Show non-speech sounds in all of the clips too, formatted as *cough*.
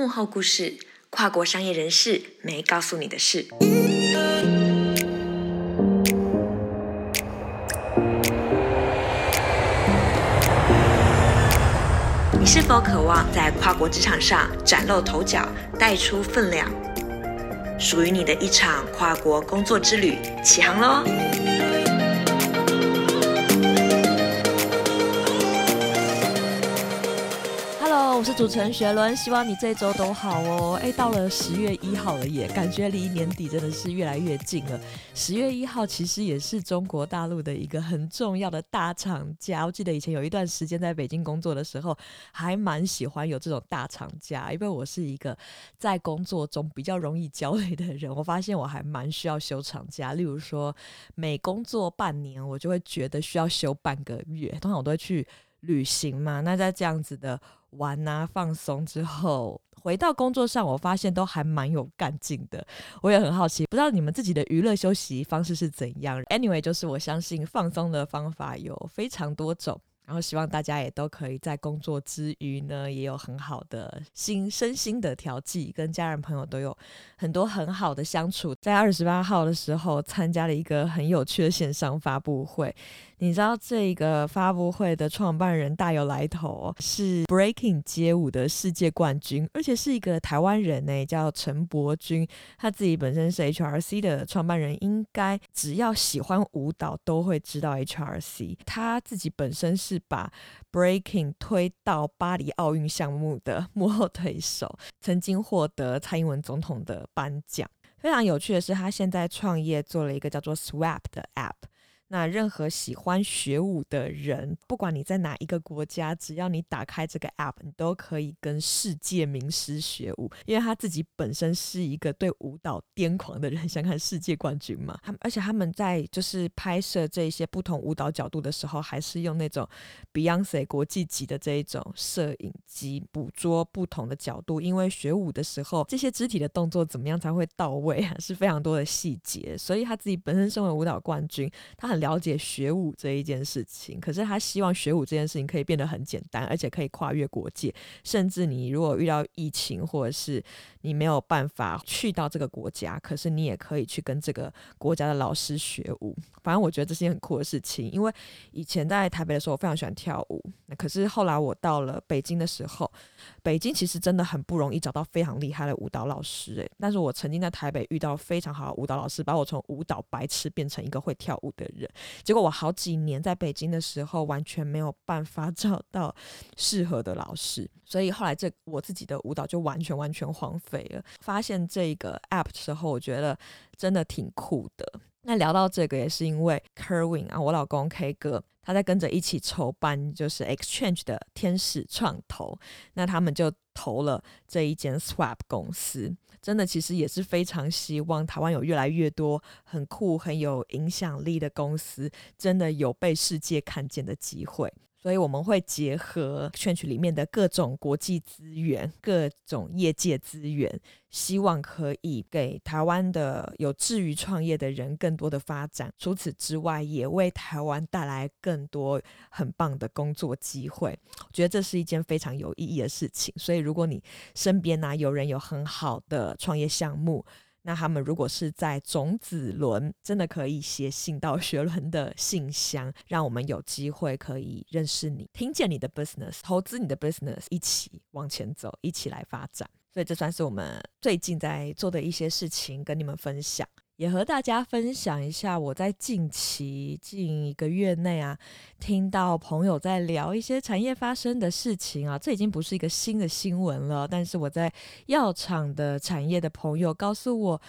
幕後故事：跨國商業人士沒告訴你的事。你是否渴望在跨國職場上嶄露頭角，帶出分量？屬於你的一場跨國工作之旅，起航囉！我是主持人雪倫，希望你這周都好哦。哎、欸，到了十月一號了耶，感覺離年底真的是越來越近了。十月一號其實也是中國大陸的一個很重要的大長假。我記得以前有一段時間在北京工作的時候，還蠻喜歡有這種大長假，因為我是一個在工作中比較容易焦慮的人。我發現我還蠻需要休長假，例如說每工作半年，我就會覺得需要休半個月。通常我都會去旅行嘛。那在這樣子的。玩啊，放鬆之後回到工作上，我發現都還蠻有幹勁的。我也很好奇，不知道你們自己的娛樂休息方式是怎樣？Anyway，就是我相信放鬆的方法有非常多種。然後希望大家也都可以在工作之餘呢，也有很好的心身心的調劑，跟家人朋友都有很多很好的相處。在二十八號的時候，參加了一個很有趣的線上發布會。你知道這個發布會的創辦人大有來頭哦，是 Breaking 街舞的世界冠軍，而且是一個台灣人呢，叫陳伯君。他自己本身是 HRC 的創辦人，應該只要喜歡舞蹈都會知道 HRC。他自己本身是。把 Breaking 推到巴黎奧運項目的幕後推手，曾經獲得蔡英文總統的頒獎。非常有趣的是，他現在創業做了一個叫做 Swap 的 App。那任何喜歡學舞的人，不管你在哪一個國家，只要你打開這個 app，你都可以跟世界名師學舞。因為他自己本身是一個對舞蹈癲狂的人，想看世界冠軍嘛。他們而且他們在就是拍攝這些不同舞蹈角度的時候，還是用那種 Beyonce 國際級的這一種攝影機捕捉不同的角度。因為學舞的時候，這些肢體的動作怎麼樣才會到位啊，是非常多的細節。所以他自己本身身為舞蹈冠軍，他很了解學舞這一件事情，可是他希望學舞這件事情可以變得很簡單，而且可以跨越國界。甚至你如果遇到疫情，或者是你沒有辦法去到這個國家，可是你也可以去跟這個國家的老師學舞。反正我覺得這是一件很酷的事情。因為以前在台北的時候，我非常喜歡跳舞。那可是後來我到了北京的時候，北京其實真的很不容易找到非常厲害的舞蹈老師欸。但是我曾經在台北遇到非常好的舞蹈老師，把我從舞蹈白痴變成一個會跳舞的人。結果我好幾年在北京的時候，完全沒有辦法找到適合的老師，所以後來這我自己的舞蹈就完全完全荒廢了。發現這個 App 的時候，我覺得真的挺酷的。那聊到這個，也是因為 Kerwin 啊，我老公 K 哥，他在跟着一起籌辦就是 Exchange 的天使創投，那他們就投了這一間 Swap 公司。真的，其實也是非常希望台灣有越來越多很酷、很有影響力的公司，真的有被世界看見的機會。所以我們會結合 e 取裡面的各種國際資源、各種業界資源，希望可以給台灣的有志於創業的人更多的發展。除此之外，也為台灣帶來更多很棒的工作機會。我覺得這是一件非常有意義的事情。所以，如果你身邊哪、啊、有人有很好的創業項目，那他們如果是在種子輪，真的可以寫信到 Sharon 的信箱，讓我們有機會可以認識你，聽見你的 business，投資你的 business，一起往前走，一起來發展。所以這算是我們最近在做的一些事情，跟你們分享。也和大家分享一下，我在近期近一個月內啊，聽到朋友在聊一些產業發生的事情啊，這已經不是一個新的新聞了。但是我在藥廠的產業的朋友告訴我。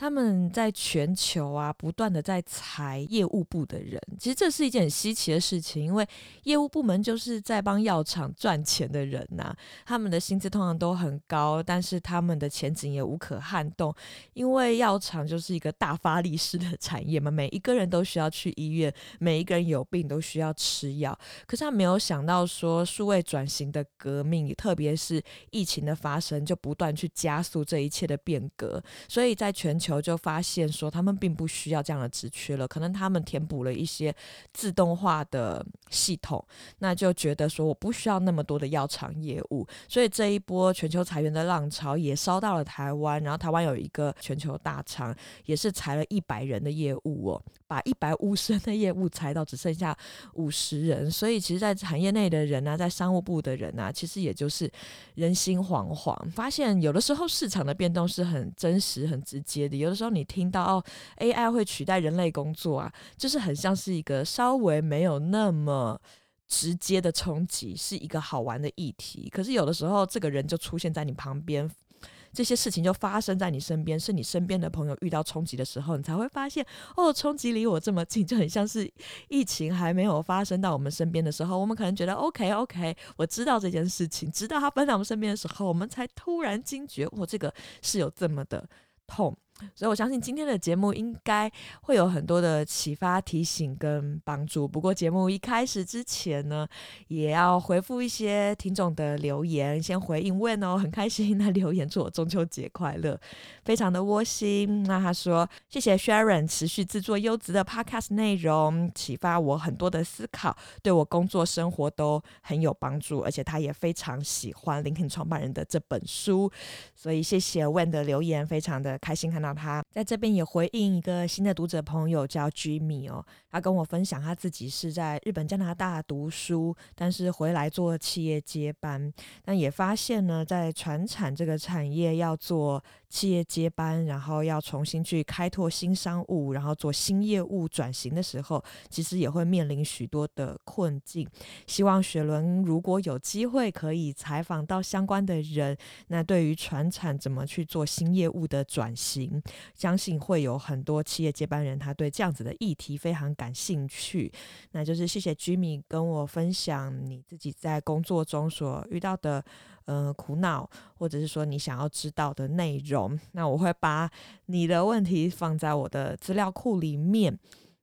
他們在全球啊，不斷的在裁業務部的人，其實這是一件很稀奇的事情，因為業務部門就是在幫藥廠賺錢的人吶、啊，他們的薪資通常都很高，但是他們的前景也無可撼動，因為藥廠就是一個大發利市的產業嘛，每一個人都需要去醫院，每一個人有病都需要吃藥，可是他沒有想到說，數位轉型的革命，特別是疫情的發生，就不斷去加速這一切的變革，所以在全球。就發現說，他們並不需要這樣的職缺了，可能他們填補了一些自動化的系統，那就覺得說我不需要那麼多的藥廠業務，所以這一波全球裁員的浪潮也燒到了台灣。然後台灣有一個全球大廠，也是裁了一百人的業務哦，把一百五十人的業務裁到只剩下五十人。所以其實，在行業內的人啊，在商務部的人啊，其實也就是人心惶惶，發現有的時候市場的變動是很真實、很直接的。有的時候你聽到哦，AI 會取代人類工作啊，就是很像是一個稍微沒有那麼。呃，直接的衝擊是一個好玩的議題。可是有的時候，這個人就出現在你旁邊，這些事情就發生在你身邊，是你身邊的朋友遇到衝擊的時候，你才會發現，哦，衝擊離我這麼近，就很像是疫情還沒有發生到我們身邊的時候，我們可能覺得 OK OK，我知道這件事情，直到他發生到我們身邊的時候，我們才突然驚覺，我、哦、這個是有這麼的痛。所以，我相信今天的節目應該會有很多的啟發、提醒跟幫助。不過，節目一開始之前呢，也要回復一些聽眾的留言，先回應 Win 哦。很開心，那留言祝我中秋節快樂，非常的窩心。那他說，謝謝 Sharon 持續製作優質的 Podcast 內容，啟發我很多的思考，對我工作生活都很有幫助。而且他也非常喜歡 LinkedIn 創辦人的這本書，所以謝謝 Win 的留言，非常的開心看到。他在這邊也回應一個新的讀者朋友叫 Jimmy 哦，他跟我分享他自己是在日本、加拿大讀書，但是回來做企業接班，但也發現呢，在傳產這個產業要做。企業接班，然後要重新去開拓新商務，然後做新業務轉型的時候，其實也會面臨許多的困境。希望雪倫如果有機會可以採訪到相關的人，那對於傳產怎麼去做新業務的轉型，相信會有很多企業接班人他對這樣子的議題非常感興趣。那就是謝謝 Jimmy 跟我分享你自己在工作中所遇到的。嗯，苦惱或者是說你想要知道的內容，那我會把你的問題放在我的資料庫裡面。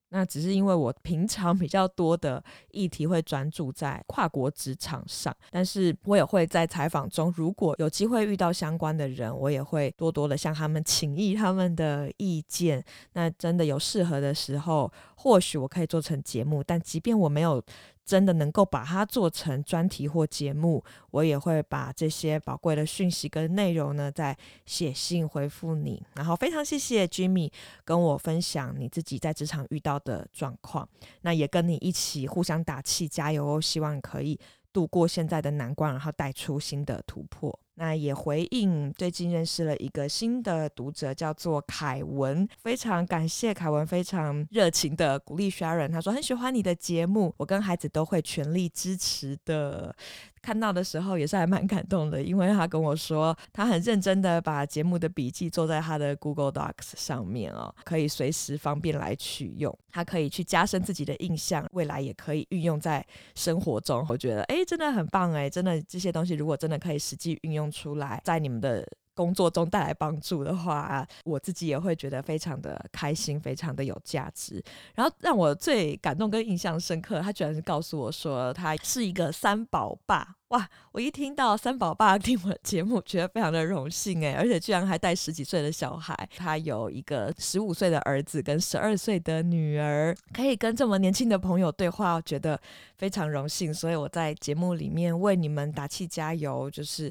那只是因為我平常比較多的議題會專注在跨國職場上，但是我也會在採訪中，如果有機會遇到相關的人，我也會多多的向他們請益他們的意見。那真的有適合的時候，或許我可以做成節目。但即便我沒有。真的能夠把它做成專題或節目，我也會把這些寶貴的訊息跟內容呢，再寫信回復你。然後非常謝謝 Jimmy 跟我分享你自己在職場遇到的狀況，那也跟你一起互相打氣加油哦，希望可以度過現在的難關，然後帶出新的突破。那也回應最近認識了一個新的讀者，叫做凱文，非常感謝凱文非常熱情的鼓勵 Sharon，他說很喜歡你的節目，我跟孩子都會全力支持的。看到的時候也是還蠻感動的，因為他跟我說他很認真的把節目的筆記做在他的 Google Docs 上面哦，可以隨時方便來取用，他可以去加深自己的印象，未來也可以運用在生活中。我覺得哎，真的很棒哎，真的這些東西如果真的可以實際運用出來，在你們的工作中帶來幫助的話，我自己也會覺得非常的開心，非常的有價值。然後讓我最感動跟印象深刻，他居然是告訴我說他是一個三寶爸。哇！我一聽到三寶爸聽我的節目，覺得非常的榮幸哎，而且居然還帶十幾歲的小孩，他有一個十五歲的兒子跟十二歲的女兒，可以跟這麼年輕的朋友對話，覺得非常榮幸。所以我在節目裡面為你們打氣加油，就是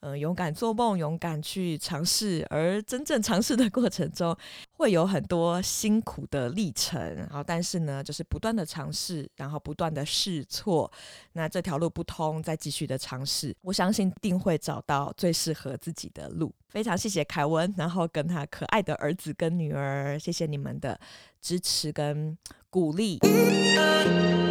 嗯、呃，勇敢做夢，勇敢去嘗試，而真正嘗試的過程中。會有很多辛苦的歷程，然後但是呢，就是不斷的嘗試，然後不斷的試錯，那這條路不通，再繼續的嘗試，我相信定會找到最適合自己的路。非常謝謝凱文，然後跟他可愛的兒子跟女兒，謝謝你們的支持跟鼓勵。嗯嗯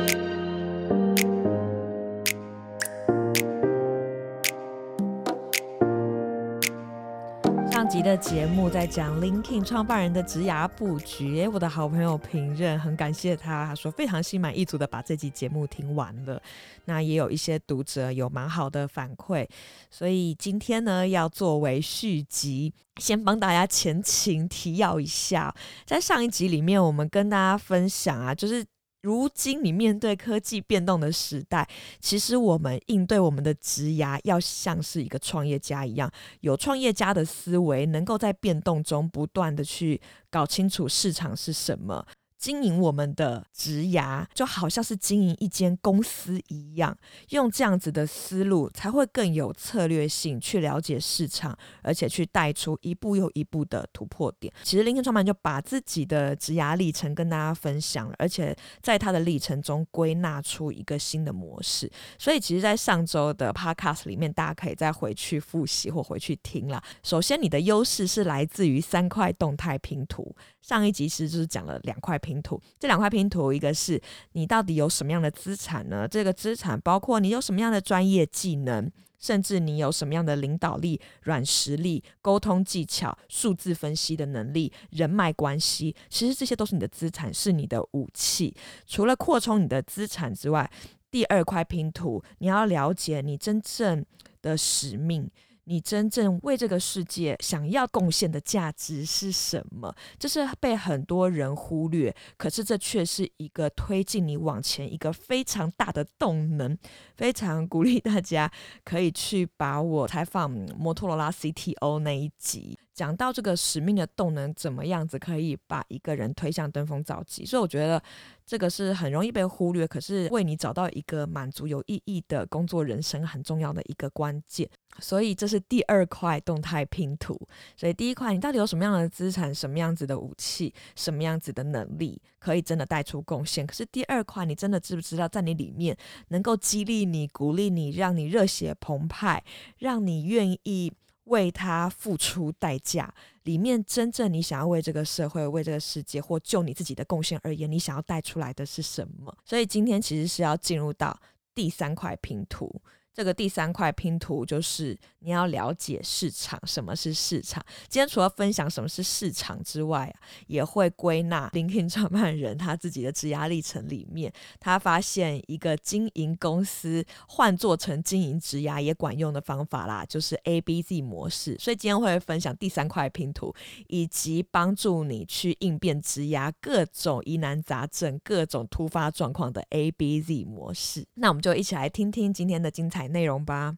的節目在講 LinkedIn 創辦人的職涯佈局，哎，我的好朋友評論很感謝他，他說非常心滿意足地把這集節目聽完了。那也有一些讀者有蠻好的反饋，所以今天呢，要作為續集，先幫大家前情提要一下。在上一集裡面，我們跟大家分享啊，就是。如今你面對科技變動的時代，其實我們應對我們的職涯，要像是一個創業家一樣，有創業家的思維，能夠在變動中不斷的去搞清楚市場是什麼。經營我們的職涯就好像是經營一間公司一樣，用這樣子的思路才會更有策略性去了解市場，而且去帶出一步又一步的突破點。其實 LinkedIn 創辦，就把自己的職涯歷程跟大家分享了，而且在他的歷程中歸納出一個新的模式。所以其實，在上週的 Podcast 裡面，大家可以再回去複習或回去聽了。首先，你的優勢是來自於三塊動態拼圖。上一集其實就是講了兩塊。拼圖這兩塊拼圖，一個是你到底有什麼樣的資產呢？這個資產包括你有什麼樣的專業技能，甚至你有什麼樣的領導力、軟實力、溝通技巧、數字分析的能力、人脈關係，其實這些都是你的資產，是你的武器。除了擴充你的資產之外，第二塊拼圖，你要了解你真正的使命。你真正為這個世界想要貢獻的價值是什麼？這、就是被很多人忽略，可是這卻是一個推進你往前一個非常大的動能。非常鼓勵大家可以去把我採訪摩托羅拉 CTO 那一集。講到這個使命的動能怎麼樣子可以把一個人推向登峰造極，所以我覺得這個是很容易被忽略，可是為你找到一個滿足有意義的工作人生很重要的一個關鍵。所以這是第二塊動態拼圖。所以第一塊，你到底有什麼樣的資產、什麼樣子的武器、什麼樣子的能力，可以真的帶出貢獻？可是第二塊，你真的知不知道，在你裡面能夠激勵你、鼓勵你，讓你熱血澎湃，讓你願意為他付出代價，裡面真正你想要為這個社會、為這個世界，或就你自己的貢獻而言，你想要帶出來的是什麼？所以今天其實是要進入到第三塊拼圖。這個第三塊拼圖就是你要了解市場。什麼是市場？今天除了分享什麼是市場之外啊，也會歸納 LinkedIn 創辦人他自己的職涯歷程裡面，他發現一個經營公司換做成經營職涯也管用的方法啦，就是 ABZ 模式。所以今天會分享第三塊拼圖，以及幫助你去應變職涯各種疑難雜症、各種突發狀況的 ABZ 模式。那我們就一起來聽聽今天的精彩內容吧，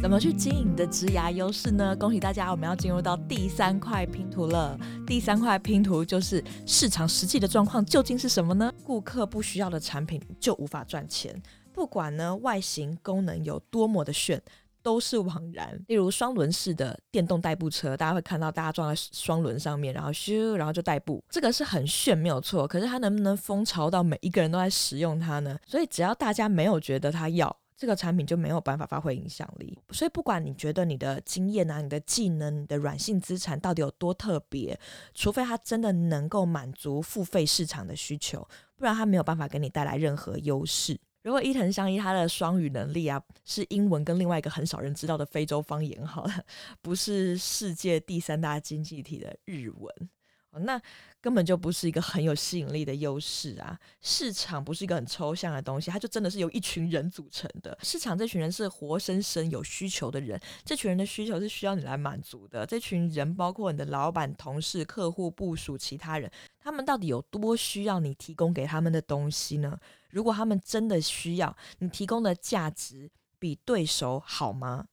怎麼去經營的職涯優勢呢？恭喜大家，我們要進入到第三塊拼圖了。第三塊拼圖就是市場實際的狀況究竟是什麼呢？顧客不需要的產品就無法賺錢，不管呢，外形功能有多麼的炫。都是枉然。例如雙輪式的電動代步車，大家會看到大家撞在雙輪上面，然後咻，然後就代步。這個是很炫，沒有錯。可是它能不能風潮到每一個人都在使用它呢？所以只要大家沒有覺得它要這個產品，就沒有辦法發揮影響力。所以不管你覺得你的經驗啊、你的技能、你的軟性資產到底有多特別，除非它真的能夠滿足付費市場的需求，不然它沒有辦法給你帶來任何優勢。如果伊藤相依，他的雙語能力啊，是英文跟另外一個很少人知道的非洲方言，好了，不是世界第三大經濟體的日文，那根本就不是一個很有吸引力的優勢啊。市場不是一個很抽象的東西，它就真的是由一群人組成的市場，這群人是活生生有需求的人，這群人的需求是需要你來滿足的。這群人包括你的老闆、同事、客戶、部屬、其他人，他們到底有多需要你提供給他們的東西呢？如果他們真的需要你提供的價值比對手好嗎？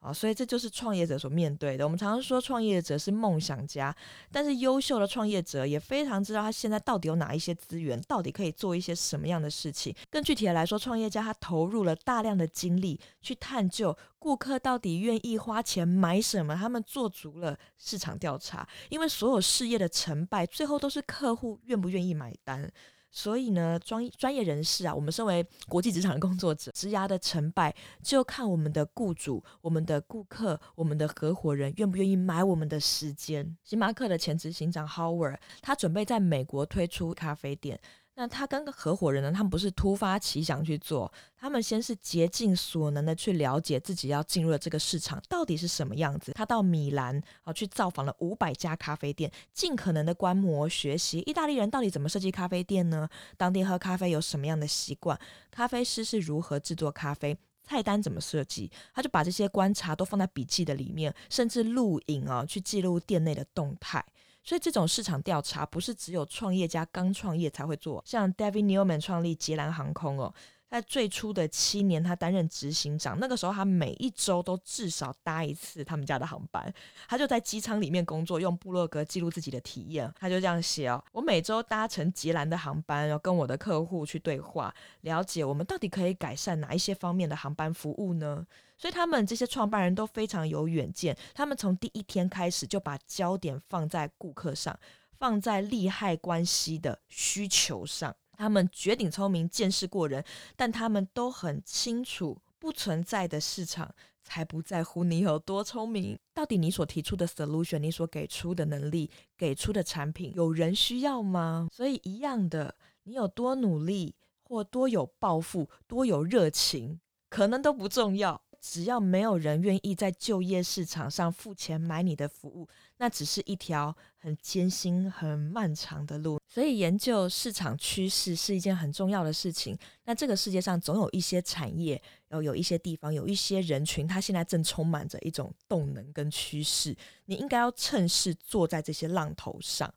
啊、哦，所以這就是創業者所面對的。我們常常說創業者是夢想家，但是優秀的創業者也非常知道他現在到底有哪一些資源，到底可以做一些什麼樣的事情。更具體的來說，創業家他投入了大量的精力去探究顧客到底願意花錢買什麼，他們做足了市場調查，因為所有事業的成敗最後都是客戶願不願意買單。所以呢，專專業人士啊，我們身為國際職場的工作者，職涯的成敗就看我們的雇主、我們的顧客、我們的合夥人願不願意買我們的時間。星巴克的前執行長 Howard，他準備在美國推出咖啡店。那他跟合夥人呢？他們不是突發奇想去做，他們先是竭盡所能的去了解自己要進入的這個市場到底是什麼樣子。他到米蘭啊、哦、去造訪了五百家咖啡店，盡可能的觀摩學習意大利人到底怎麼設計咖啡店呢？當地喝咖啡有什麼樣的習慣？咖啡師是如何制作咖啡？菜單怎麼設計？他就把這些觀察都放在筆記的裡面，甚至錄影啊、哦、去記錄店內的動態。所以這種市場調查不是只有創業家剛創業才會做。像 David Newman 創立捷藍航空哦，在最初的七年，他擔任執行長，那個時候他每一週都至少搭一次他們家的航班，他就在機艙裡面工作，用部落格記錄自己的體驗。他就這樣寫哦，我每週搭乘捷藍的航班，要跟我的客戶去對話，了解我們到底可以改善哪一些方面的航班服務呢？所以他們這些創辦人都非常有遠見，他們從第一天開始就把焦點放在顧客上，放在利害關係的需求上。他們絕頂聰明，見識過人，但他們都很清楚，不存在的市場才不在乎你有多聰明。到底你所提出的 solution，你所給出的能力，給出的產品，有人需要嗎？所以一樣的，你有多努力，或多有抱負，多有熱情，可能都不重要。只要沒有人願意在就業市場上付錢買你的服務，那只是一條很艱辛、很漫長的路。所以研究市場趨勢是一件很重要的事情。那這個世界上總有一些產業，要有，有一些地方，有一些人群，他現在正充滿着一種動能跟趨勢。你應該要趁勢坐在這些浪頭上。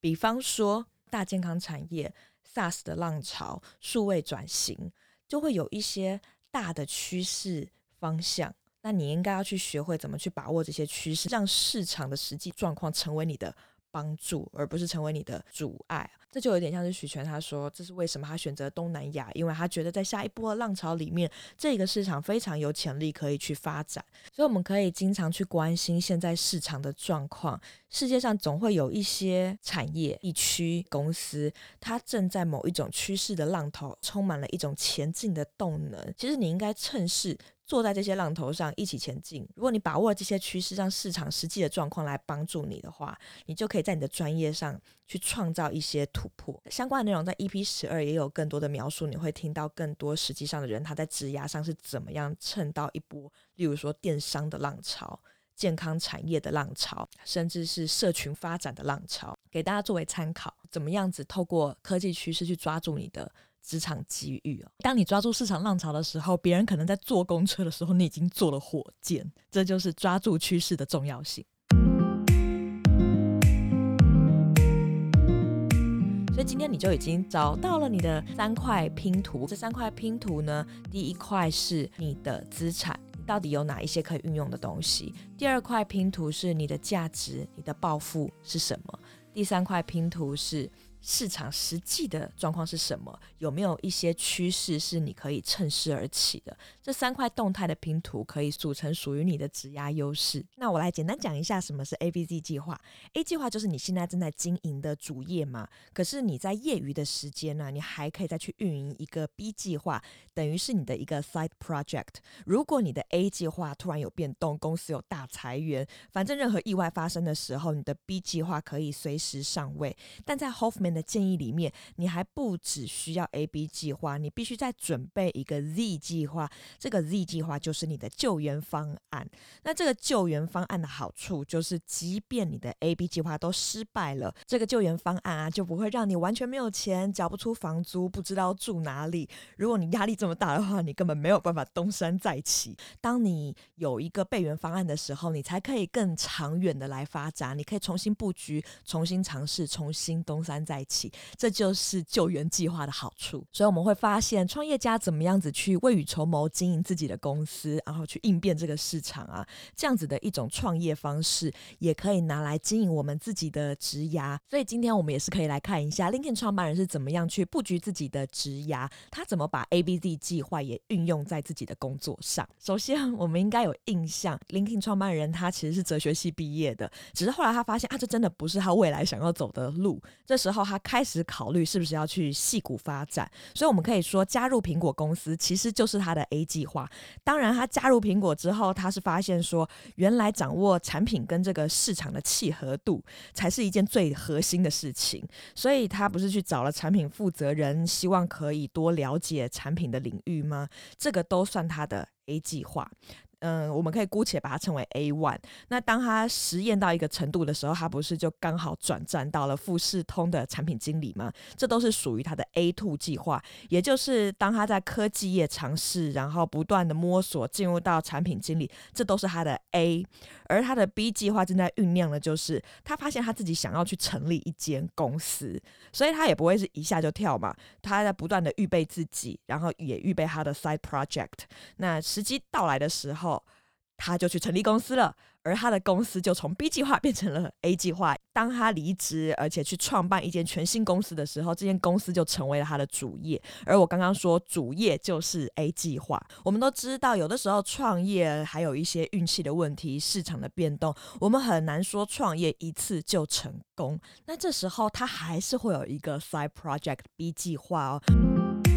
比方說，大健康產業、SaaS 的浪潮、數位轉型，就會有一些大的趨勢。方向，那你應該要去學會怎麼去把握這些趨勢，讓市場的實際狀況成為你的幫助，而不是成為你的阻礙。這就有點像是許權他說，這是為什麼他選擇東南亞，因為他覺得在下一波浪潮裡面，這個市場非常有潛力可以去發展。所以我們可以經常去關心現在市場的狀況。世界上總會有一些產業、地區、公司，它正在某一種趨勢的浪頭，充滿了一種前進的動能。其實你應該趁勢。坐在這些浪頭上一起前進。如果你把握這些趨勢，讓市場實際的狀況來幫助你的話，你就可以在你的專業上去創造一些突破。相關的內容在 EP 十二也有更多的描述，你會聽到更多實際上的人他在職涯上是怎麼樣蹭到一波，例如說電商的浪潮、健康產業的浪潮，甚至是社群發展的浪潮，給大家作為參考，怎麼樣子透過科技趨勢去抓住你的。職場機遇哦，當你抓住市場浪潮的時候，別人可能在坐公車的時候，你已經坐了火箭。這就是抓住趨勢的重要性。所以今天你就已經找到了你的三塊拼圖。這三塊拼圖呢，第一塊是你的資產到底有哪一些可以運用的東西；第二塊拼圖是你的價值、你的抱負是什麼；第三塊拼圖是，市場實際的狀況是什麼？有沒有一些趨勢是你可以趁勢而起的？這三塊動態的拼圖可以組成屬於你的職涯優勢。那我來簡單講一下什麼是 A、B、Z 計劃。A 計劃就是你現在正在經營的主業嘛。可是你在業餘的時間呢、啊，你還可以再去運營一個 B 計劃，等於是你的一個 side project。如果你的 A 計劃突然有變動，公司有大裁員，反正任何意外發生的時候，你的 B 計劃可以隨時上位。但在 Hoffman 的建議裡面，你還不只需要 A、B 計劃，你必須再準備一個 Z 計劃。這個 Z 計劃就是你的救援方案。那這個救援方案的好處就是，即便你的 A、B 計劃都失敗了，這個救援方案啊，就不會讓你完全沒有錢，交不出房租，不知道住哪裡。如果你壓力這麼大的話，你根本沒有辦法東山再起。當你有一個備援方案的時候，你才可以更長遠的來發展，你可以重新布局，重新嘗試，重新東山再起。起，這就是救援計劃的好處。所以我們會發現，創業家怎麼樣子去未雨綢繆經營自己的公司，然後去應變這個市場啊，這樣子的一種創業方式，也可以拿來經營我們自己的職涯。所以今天我們也是可以來看一下 LinkedIn 創辦人是怎麼樣去布局自己的職涯，他怎麼把 ABZ 計劃也運用在自己的工作上。首先，我們應該有印象，LinkedIn 創辦人他其實是哲學系畢業的，只是後來他發現啊，這真的不是他未來想要走的路。這時候，他開始考慮是不是要去矽谷發展，所以我們可以說加入蘋果公司其實就是他的 A 計劃。當然，他加入蘋果之後，他是發現說原來掌握產品跟這個市場的契合度才是一件最核心的事情，所以他不是去找了產品負責人，希望可以多了解產品的領域嗎？這個都算他的 A 計劃。嗯，我們可以姑且把它稱為 A one。那當他實驗到一個程度的時候，他不是就剛好轉戰到了富士通的產品經理嗎？這都是屬於他的 A two 計劃。也就是當他在科技業嘗試，然後不斷的摸索，進入到產品經理，這都是他的 A。而他的 B 計劃正在醞釀的，就是他發現他自己想要去成立一間公司，所以他也不會是一下就跳嘛。他在不斷的預備自己，然後也預備他的 side project。那時機到來的時候，他就去成立公司了，而他的公司就從 B 計劃變成了 A 計劃。當他離職，而且去創辦一間全新公司的時候，這間公司就成為了他的主業。而我剛剛說主業就是 A 計劃。我們都知道，有的時候創業還有一些運氣的問題、市場的變動，我們很難說創業一次就成功。那這時候他還是會有一個 side project B 計劃哦。嗯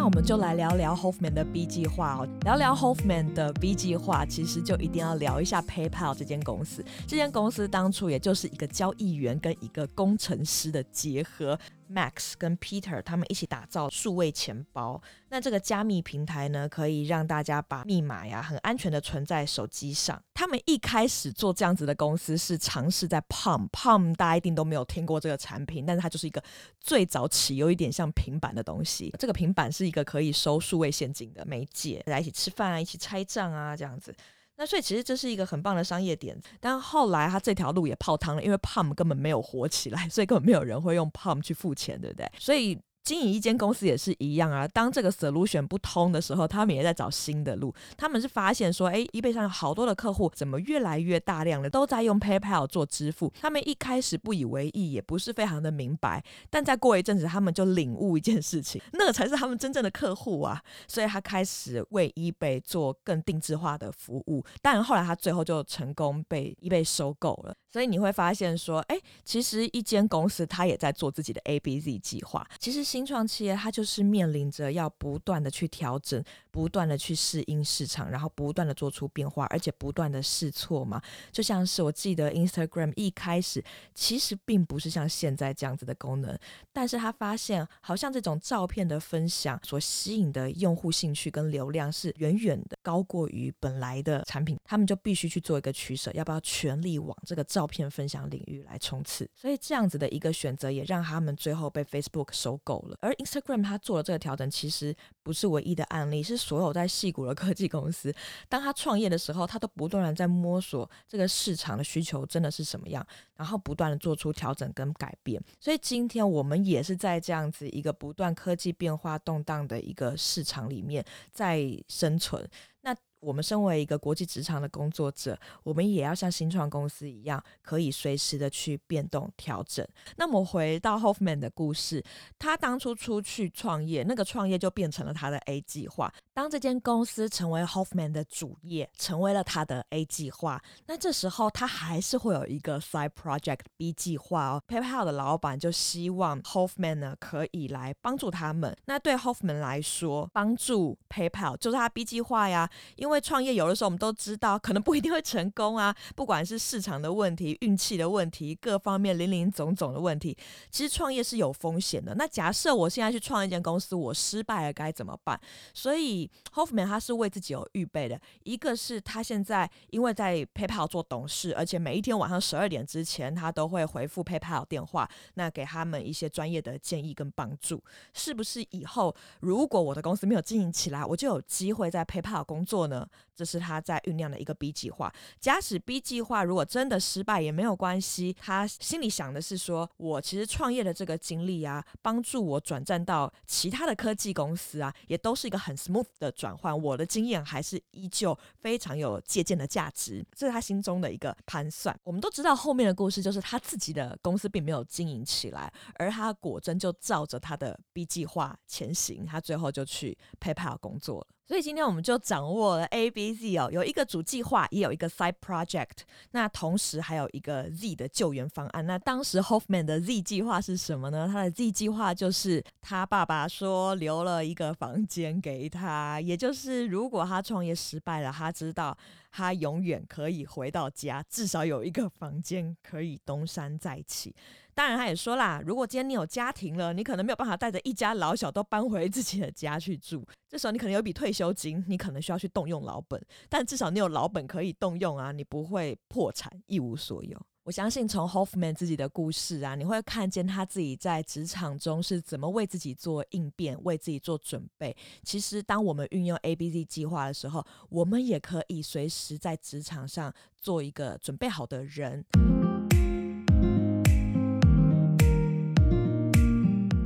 那我們就來聊聊 Hoffman 的 B 計劃哦。聊聊 Hoffman 的 B 計劃，其實就一定要聊一下 PayPal 這間公司。這間公司當初也就是一個交易員跟一個工程師的結合。Max 跟 Peter 他們一起打造數位錢包。那這個加密平台呢，可以讓大家把密碼呀很安全地存在手機上。他們一開始做這樣子的公司是嘗試在 Palm，Palm，Palm 大家一定都沒有聽過這個產品，但是它就是一個最早期有一點像平板的東西。這個平板是一個可以收數位現金的媒介，大家一起吃飯啊，一起拆賬啊，這樣子。那所以其實這是一個很棒的商業點，但後來他這條路也泡湯了，因為 Palm 根本沒有火起來，所以根本沒有人會用 Palm 去付錢，對不對？所以。經營一間公司也是一樣啊，當這個 solution 不通的時候，他們也在找新的路。他們是發現說，哎，eBay 上有好多的客戶，怎麼越來越大量的都在用 PayPal 做支付。他們一開始不以為意，也不是非常的明白，但在過一陣子，他們就領悟一件事情，那個才是他們真正的客戶啊。所以他開始為 eBay 做更定制化的服務。但後來他最後就成功被 eBay 收購了。所以你會發現說，哎、欸，其實一間公司它也在做自己的 A、B、Z 計劃。其實新創企業它就是面臨着要不斷的去調整，不斷的去適應市場，然後不斷的做出變化，而且不斷的試錯嘛。就像是我記得 Instagram 一開始其實並不是像現在這樣子的功能，但是他發現好像這種照片的分享所吸引的用戶興趣跟流量是遠遠的高過於本來的產品，他們就必須去做一個取捨，要不要全力往這個照片。照片分享領域來衝刺，所以這樣子的一個選擇也讓他們最後被 Facebook 收購了。而 Instagram 他做的這個調整，其實不是唯一的案例，是所有在矽谷的科技公司，當他創業的時候，他都不斷的在摸索這個市場的需求真的是什麼樣，然後不斷的做出調整跟改變。所以今天我們也是在這樣子一個不斷科技變化動盪的一個市場裡面在生存。那我們身為一個國際職場的工作者，我們也要像新創公司一樣，可以隨時的去變動調整。那麼回到 Hoffman 的故事，他當初出去創業，那個創業就變成了他的 A 計劃。當這間公司成為 Hoffman 的主業，成為了他的 A 計劃，那這時候他還是會有一個 side project B 計劃哦。PayPal 的老闆就希望 Hoffman 呢可以來幫助他們。那對 Hoffman 來說，幫助 PayPal 就是他 B 計劃呀，因為因為創業有的時候我們都知道，可能不一定會成功啊，不管是市場的問題、運氣的問題、各方面林林總總的問題，其實創業是有風險的。那假設我現在去創一間公司，我失敗了該怎麼辦？所以 Hoffman 他是為自己有預備的，一個是他現在因為在 PayPal 做董事，而且每一天晚上十二點之前，他都會回復 PayPal 電話，那給他們一些專業的建議跟幫助。是不是以後如果我的公司沒有經營起來，我就有機會在 PayPal 工作呢？這是他在醞釀的一個 B 計劃。假使 B 計劃如果真的失敗也沒有關係，他心裡想的是說，我其實創業的這個經歷啊，幫助我轉戰到其他的科技公司啊，也都是一個很 smooth 的轉換。我的經驗還是依舊非常有借鑒的價值，這是他心中的一個盤算。我們都知道後面的故事就是他自己的公司並沒有經營起來，而他果真就照着他的 B 計劃前行，他最後就去 PayPal 工作了。所以今天我們就掌握了 A、B、Z 哦，有一個主計劃，也有一個 side project，那同時還有一個 Z 的救援方案。那當時 Hoffman 的 Z 計劃是什麼呢？他的 Z 計劃就是他爸爸說留了一個房間給他，也就是如果他創業失敗了，他知道。他永遠可以回到家，至少有一個房間可以東山再起。當然，他也說啦，如果今天你有家庭了，你可能沒有辦法帶着一家老小都搬回自己的家去住。這時候你可能有一筆退休金，你可能需要去動用老本，但至少你有老本可以動用啊，你不會破產，一無所有。我相信從 Hoffman 自己的故事啊，你會看見他自己在職場中是怎麼為自己做應變、為自己做準備。其實，當我們運用 ABZ 計劃的時候，我們也可以隨時在職場上做一個準備好的人。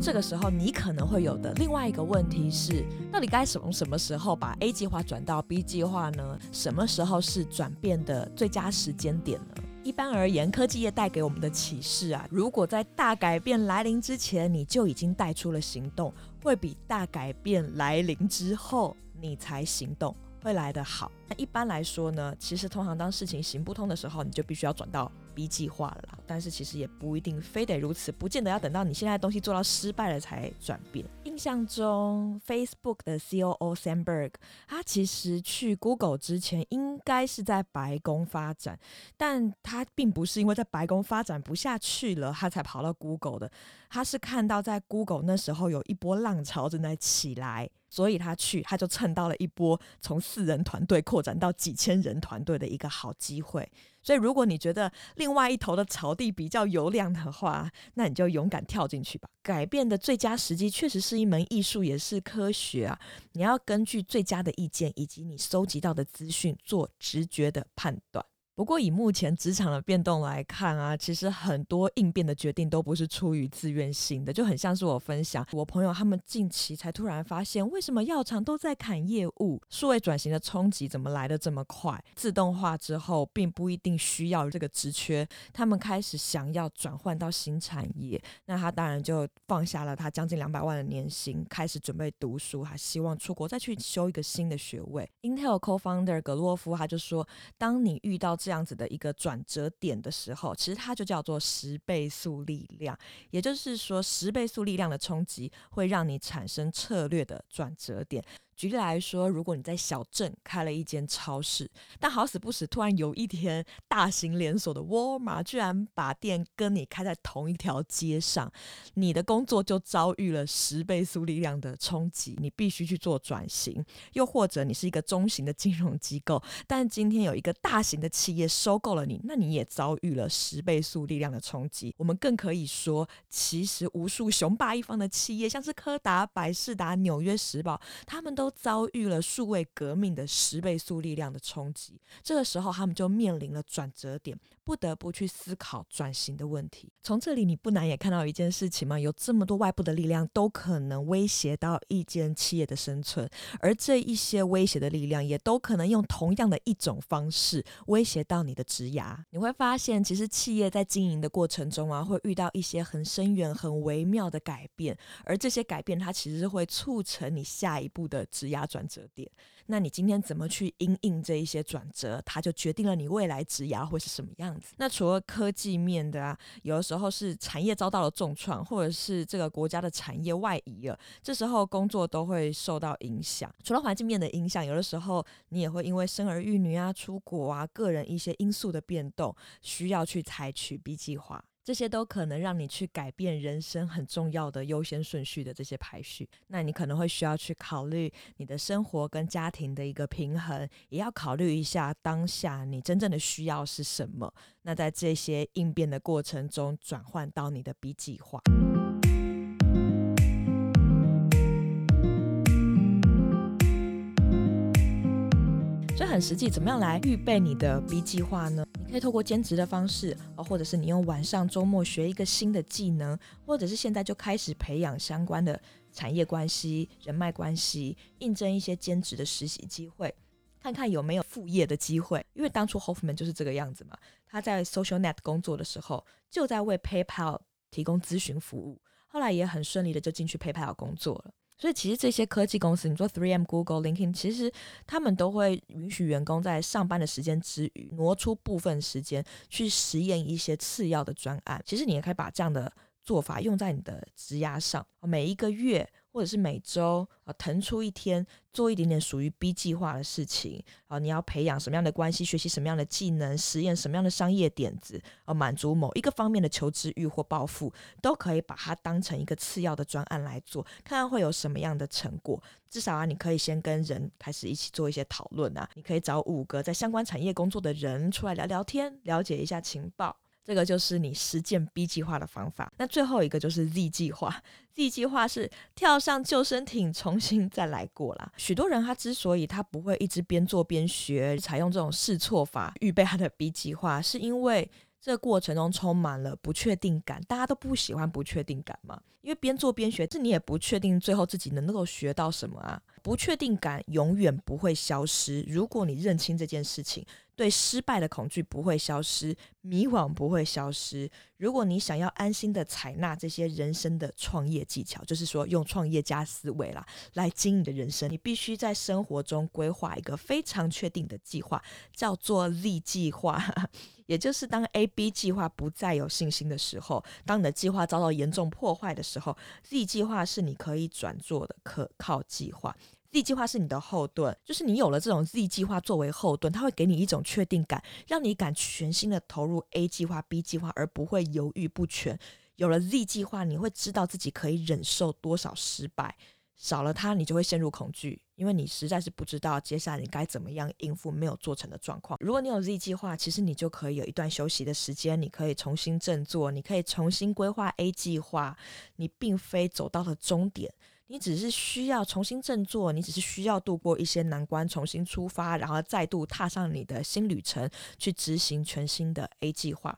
這個時候，你可能會有的另外一個問題是：到底該從什麼時候把 A 計劃轉到 B 計劃呢？什麼時候是轉變的最佳時間點呢？一般而言，科技業帶給我們的啟示啊，如果在大改變來臨之前，你就已經帶出了行動，會比大改變來臨之後你才行動會來得好。那一般來說呢，其實通常當事情行不通的時候，你就必須要轉到。B 計劃了啦，但是其實也不一定非得如此，不見得要等到你現在的東西做到失敗了才轉變。印象中，Facebook 的 COO Sandberg，他其實去 Google 之前應該是在白宮發展，但他並不是因為在白宮發展不下去了，他才跑到 Google 的，他是看到在 Google 那時候有一波浪潮正在起來，所以他去，他就蹭到了一波從四人團隊擴展到幾千人團隊的一個好機會。所以，如果你覺得另外一頭的草地比較油亮的話，那你就勇敢跳進去吧。改變的最佳時機確實是一門藝術，也是科學啊！你要根據最佳的意見以及你收集到的資訊做直覺的判斷。不過，以目前職場的變動來看啊，其實很多應變的決定都不是出於自願性的，就很像是我分享，我朋友他們近期才突然發現，為什麼藥廠都在砍業務，數位轉型的衝擊怎麼來得這麼快？自動化之後，並不一定需要這個職缺，他們開始想要轉換到新產業，那他當然就放下了他將近兩百萬的年薪，開始準備讀書，還希望出國再去修一個新的學位。Intel co-founder 葛洛夫他就說，當你遇到這樣子的一個轉折點的時候，其實它就叫做十倍速力量，也就是說，十倍速力量的衝擊會讓你產生策略的轉折點。舉例來說，如果你在小鎮開了一間超市，但好死不死，突然有一天，大型連鎖的沃爾瑪居然把店跟你開在同一條街上，你的工作就遭遇了十倍速力量的衝擊，你必須去做轉型。又或者，你是一個中型的金融機構，但今天有一個大型的企業收購了你，那你也遭遇了十倍速力量的衝擊。我們更可以說，其實無數雄霸一方的企業，像是柯達、百事達、紐約時報，他們都，都遭遇了數位革命的十倍速力量的衝擊，這個時候他們就面臨了轉折點。不得不去思考轉型的問題。從這裡你不難也看到一件事情嗎？有這麼多外部的力量都可能威脅到一間企業的生存，而這一些威脅的力量也都可能用同樣的一種方式威脅到你的職涯。你會發現，其實企業在經營的過程中啊，會遇到一些很深遠、很微妙的改變，而這些改變它其實是會促成你下一步的職涯轉折點。那你今天怎麼去因應這一些轉折，它就決定了你未來職涯會是什麼樣的。那除了科技面的啊，有的時候是產業遭到了重創，或者是這個國家的產業外移了，這時候工作都會受到影響。除了環境面的影響，有的時候你也會因為生兒育女啊、出國啊、個人一些因素的變動，需要去採取 B 計劃。這些都可能讓你去改變人生很重要的優先順序的這些排序。那你可能會需要去考慮你的生活跟家庭的一個平衡，也要考慮一下當下你真正的需要是什麼。那在這些應變的過程中，轉換到你的 B 計劃。所以很實際，怎麼樣來預備你的 B 計劃呢？可、欸、以透過兼職的方式，啊、哦，或者是你用晚上、週末學一個新的技能，或者是現在就開始培養相關的產業關係、人脈關係，應徵一些兼職的實習機會，看看有沒有副業的機會。因為當初 Hoffman 就是這個樣子嘛，他在 Social Net 工作的時候，就在為 PayPal 提供諮詢服務，後來也很順利的就進去 PayPal 工作了。所以其實這些科技公司，你做 3M、Google、LinkedIn，其實他們都會允許員工在上班的時間之餘，挪出部分時間去實驗一些次要的專案。其實你也可以把這樣的做法用在你的職涯上，每一個月。或者是每週啊騰出一天做一點點屬於 B 計劃的事情啊，你要培養什麼樣的關係，學習什麼樣的技能，實驗什麼樣的商業點子呃，滿足某一個方面的求知慾或抱負，都可以把它當成一個次要的專案來做，看看會有什麼樣的成果。至少啊，你可以先跟人開始一起做一些討論啊，你可以找五個在相關產業工作的人出來聊聊天，了解一下情報。這個就是你實踐 B 計劃的方法。那最後一個就是 Z 計劃。Z 計劃是跳上救生艇重新再來過啦。許多人他之所以他不會一直邊做邊學，採用這種試錯法預備他的 B 計劃，是因為這過程中充滿了不確定感。大家都不喜歡不確定感嗎？因為邊做邊學，這你也不確定最後自己能夠學到什麼啊，不確定感永遠不會消失。如果你認清這件事情，對失敗的恐懼不會消失，迷惘不會消失。如果你想要安心的採納這些人生的創業技巧，就是說用創業家思維啦，來經營你的人生，你必須在生活中規劃一個非常確定的計劃，叫做 Z 計劃。 *laughs* 也就是當 A B 計劃不再有信心的時候，當你的計劃遭到嚴重破壞的時候，之後，Z 計劃是你可以轉做的可靠計劃。Z 計劃是你的後盾，就是你有了這種 Z 計劃作為後盾，它會給你一種確定感，讓你敢全心的投入 A 計劃、B 計劃，而不會猶豫不決。有了 Z 計劃，你會知道自己可以忍受多少失敗，少了它，你就會陷入恐懼。因為你實在是不知道接下來你該怎麼樣應付沒有做成的狀況。如果你有 Z 計劃，其實你就可以有一段休息的時間，你可以重新振作，你可以重新規劃 A 計劃。你並非走到了終點，你只是需要重新振作，你只是需要度過一些難關，重新出發，然後再度踏上你的新旅程，去執行全新的 A 計劃。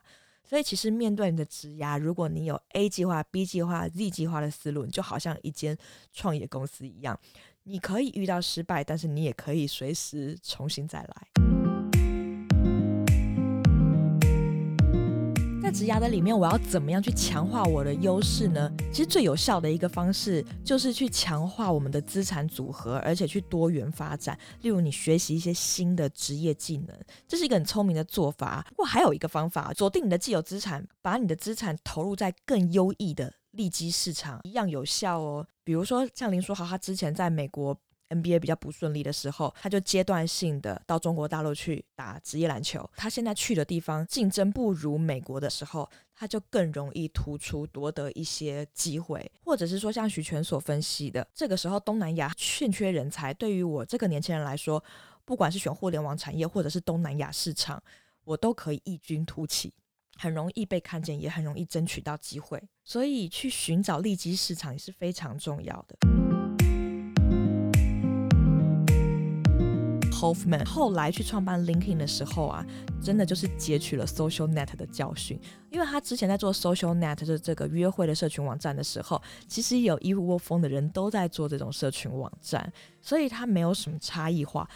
所以，其實面對你的職涯，如果你有 A 計劃、B 計劃、Z 計劃的思路，你就好像一間創業公司一樣。你可以遇到失敗，但是你也可以隨時重新再來。在職涯的裡面，我要怎麼樣去強化我的優勢呢？其實最有效的一個方式就是去強化我們的資產組合，而且去多元發展。例如，你學習一些新的職業技能，這是一個很聰明的做法。不過，還有一個方法，鎖定你的既有資產，把你的資產投入在更優異的。利基市場一樣有效哦。比如說，像林書豪，他之前在美國 NBA 比較不順利的時候，他就階段性的到中國大陸去打職業籃球。他現在去的地方競爭不如美國的時候，他就更容易突出，奪得一些機會。或者是說，像徐全所分析的，這個時候東南亞欠缺人才，對於我這個年輕人來說，不管是選互聯網產業，或者是東南亞市場，我都可以異軍突起。很容易被看見，也很容易爭取到機會，所以去尋找利基市場也是非常重要的。 *music* Hoffman 後來去創辦 LinkedIn 的時候啊，真的就是截取了 Social Net 的教訓，因為他之前在做 Social Net 的這個約會的社群網站的時候，其實有一窩蜂的人都在做這種社群網站，所以他沒有什麼差異化。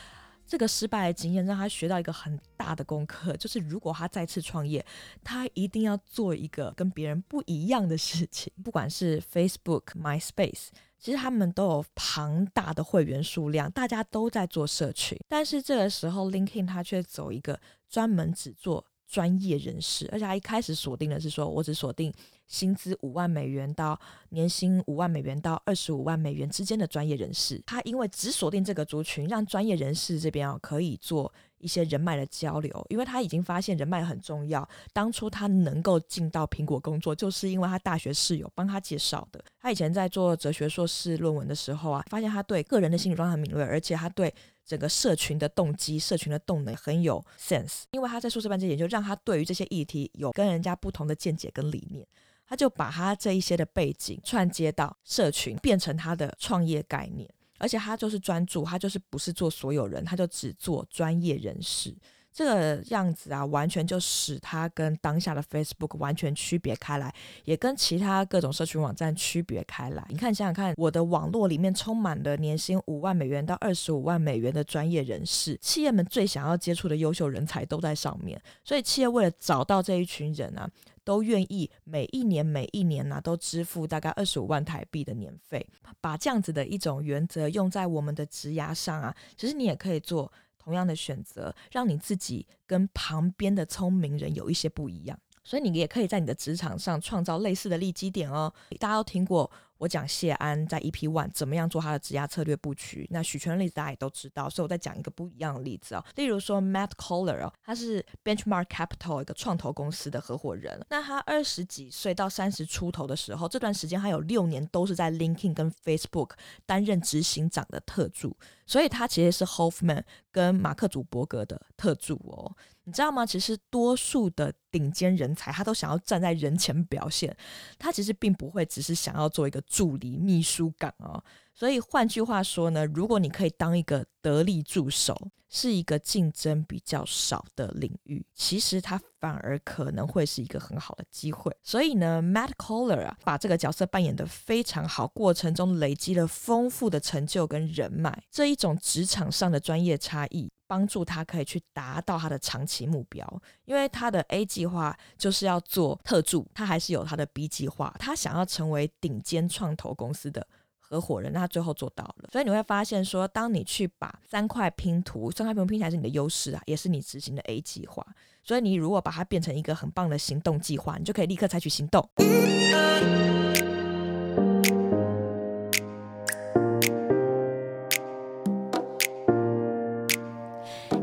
這個失敗的經驗讓他學到一個很大的功課，就是如果他再次創業，他一定要做一個跟別人不一樣的事情。不管是 Facebook、MySpace，其實他們都有龐大的會員數量，大家都在做社群，但是這個時候 LinkedIn 他卻走一個專門只做。專業人士，而且他一開始鎖定的是說，我只鎖定薪資五萬美元到年薪五萬美元到二十五萬美元之間的專業人士。他因為只鎖定這個族群，讓專業人士這邊啊可以做一些人脈的交流，因為他已經發現人脈很重要。當初他能夠進到蘋果工作，就是因為他大學室友幫他介紹的。他以前在做哲學碩士論文的時候啊，發現他對個人的心理狀態很敏銳，而且他對。整個社群的動機、社群的動能很有 sense，因為他在碩士班之前就讓他對於這些議題有跟人家不同的見解跟理念，他就把他這一些的背景串接到社群，變成他的創業概念，而且他就是專注，他就是不是做所有人，他就只做專業人士。這個樣子啊，完全就使它跟當下的 Facebook 完全區別開來，也跟其他各種社群網站區別開來。你看，想想看，我的網絡裡面充滿了年薪五萬美元到二十五萬美元的專業人士，企業們最想要接觸的優秀人才都在上面。所以，企業為了找到這一群人啊，都願意每一年每一年呢、啊，都支付大概二十五萬台幣的年費。把這樣子的一種原則用在我們的職涯上啊，其實你也可以做。同樣的選擇，讓你自己跟旁邊的聰明人有一些不一樣，所以你也可以在你的職場上創造類似的利基點哦。大家都聽過我講謝安在 EP One 怎麼樣做他的職涯策略布局，那許權例子大家也都知道，所以我再講一個不一樣的例子哦。例如說 Matt Cohler 哦，他是 Benchmark Capital 一個創投公司的合夥人。那他二十幾歲到三十出頭的時候，這段時間他有六年都是在 LinkedIn 跟 Facebook 擔任執行長的特助。所以他其實是 Hoffman 跟馬克祖伯格的特助哦，你知道嗎？其實多數的頂尖人才，他都想要站在人前表現，他其實並不會只是想要做一個助理秘書崗哦。所以換句話說呢，如果你可以當一個得力助手，是一個競爭比較少的領域，其實它反而可能會是一個很好的機會。所以呢，Matt Cohler 啊，把這個角色扮演得非常好，過程中累積了豐富的成就跟人脈，這一種職場上的專業差異，幫助他可以去達到他的長期目標。因為他的 A 計劃就是要做特助，他還是有他的 B 計劃，他想要成為頂尖創投公司的。合夥人，那他最後做到了，所以你會發現說，當你去把三塊拼圖，三塊拼圖拼起來是你的優勢啊，也是你執行的 A 計劃。所以你如果把它變成一個很棒的行動計劃，你就可以立刻採取行動。嗯嗯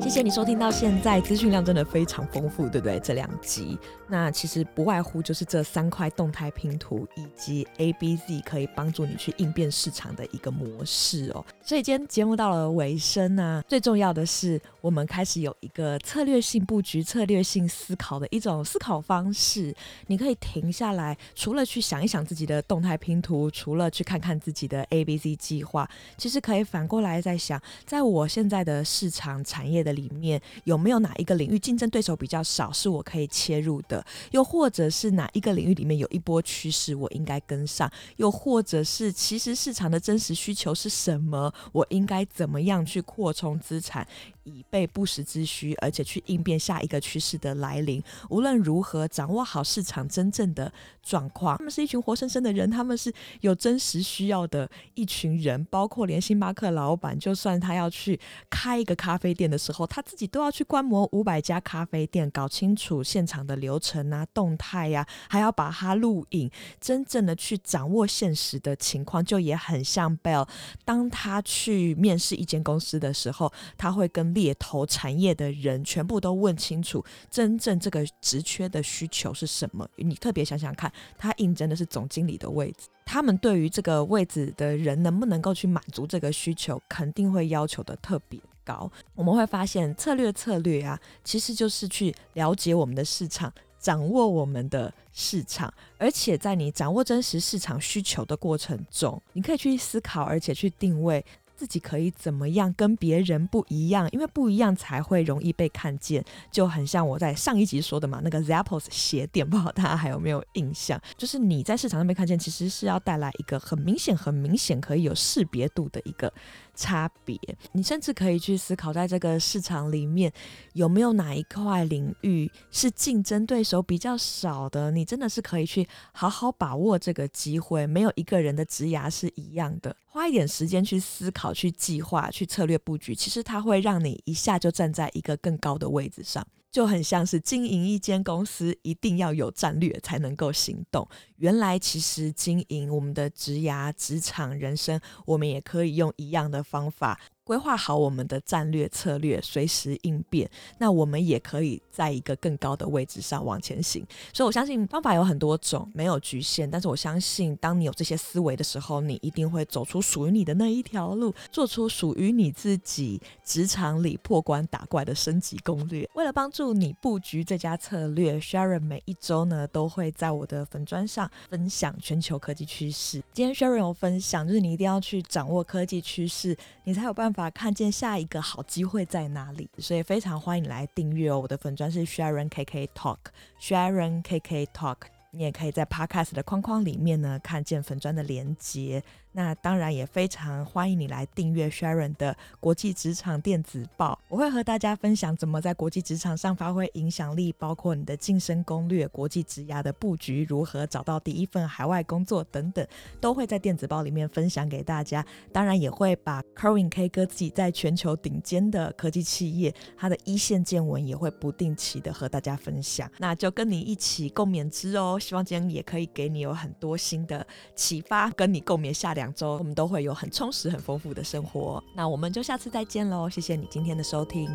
謝謝你收聽到現在，資訊量真的非常豐富，對不對？這兩集，那其實不外乎就是這三塊動態拼圖以及 A B Z 可以幫助你去應變市場的一個模式哦。所以今天節目到了尾聲呢、啊，最重要的是我們開始有一個策略性佈局、策略性思考的一種思考方式。你可以停下來，除了去想一想自己的動態拼圖，除了去看看自己的 A B Z 計劃，其實可以反過來再想，在我現在的市場產業的。裡面有沒有哪一個領域，競爭對手比較少，是我可以切入的？又或者是哪一個領域裡面有一波趨勢，我應該跟上？又或者是其實市場的真實需求是什麼？我應該怎麼樣去擴充資產？以備不時之需，而且去應變下一個趨勢的來臨。無論如何，掌握好市場真正的狀況。他們是一群活生生的人，他們是有真實需要的一群人。包括連星巴克老闆，就算他要去開一個咖啡店的時候，他自己都要去觀摩五百家咖啡店，搞清楚現場的流程啊、動態呀、啊，還要把它錄影，真正的去掌握現實的情況。就也很像 Bell，當他去面試一間公司的時候，他會跟。獵頭產業的人全部都問清楚，真正這個職缺的需求是什麼？你特別想想看，他應徵的是總經理的位置，他們對於這個位置的人能不能夠去滿足這個需求，肯定會要求的特別高。我們會發現，策略策略啊，其實就是去了解我們的市場，掌握我們的市場，而且在你掌握真實市場需求的過程中，你可以去思考，而且去定位。自己可以怎麼樣跟別人不一樣？因為不一樣才會容易被看見，就很像我在上一集說的嘛，那個 Zappos 鞋墊包，不知道大家還有沒有印象？就是你在市場上面看見，其實是要帶來一個很明顯、很明顯可以有識別度的一個。差別，你甚至可以去思考，在這個市場裡面有沒有哪一塊領域是競爭對手比較少的，你真的是可以去好好把握這個機會。沒有一個人的職涯是一樣的，花一點時間去思考、去計劃、去策略布局，其實它會讓你一下就站在一個更高的位置上。就很像是經營一間公司，一定要有戰略才能夠行動。原來其實經營我們的職涯、職場人生，我們也可以用一樣的方法。規劃好我們的戰略策略，隨時應變。那我們也可以在一個更高的位置上往前行。所以，我相信方法有很多種，沒有局限。但是，我相信當你有這些思維的時候，你一定會走出屬於你的那一條路，做出屬於你自己職場裡破關打怪的升級攻略。為了幫助你布局最佳策略，Sharon 每一週呢都會在我的粉專上分享全球科技趨勢。今天 Sharon 有分享，就是你一定要去掌握科技趨勢，你才有辦法。法看見下一個好機會在哪裡，所以非常歡迎你來訂閱哦。我的粉專是 Sharon KK Talk，Sharon KK Talk，你也可以在 Podcast 的框框裡面呢看見粉專的連接。那當然也非常歡迎你來訂閱 Sharon 的國際職場電子報，我會和大家分享怎麼在國際職場上發揮影響力，包括你的晉升攻略、國際職涯的布局、如何找到第一份海外工作等等，都會在電子報裡面分享給大家。當然也會把 Kerwin K 哥自己在全球頂尖的科技企業，他的一線見聞也會不定期的和大家分享。那就跟你一起共勉之哦，希望今天也可以給你有很多新的啟發，跟你共勉下兩。我們都會有很充實、很豐富的生活。那我們就下次再見嘍！謝謝你今天的收聽。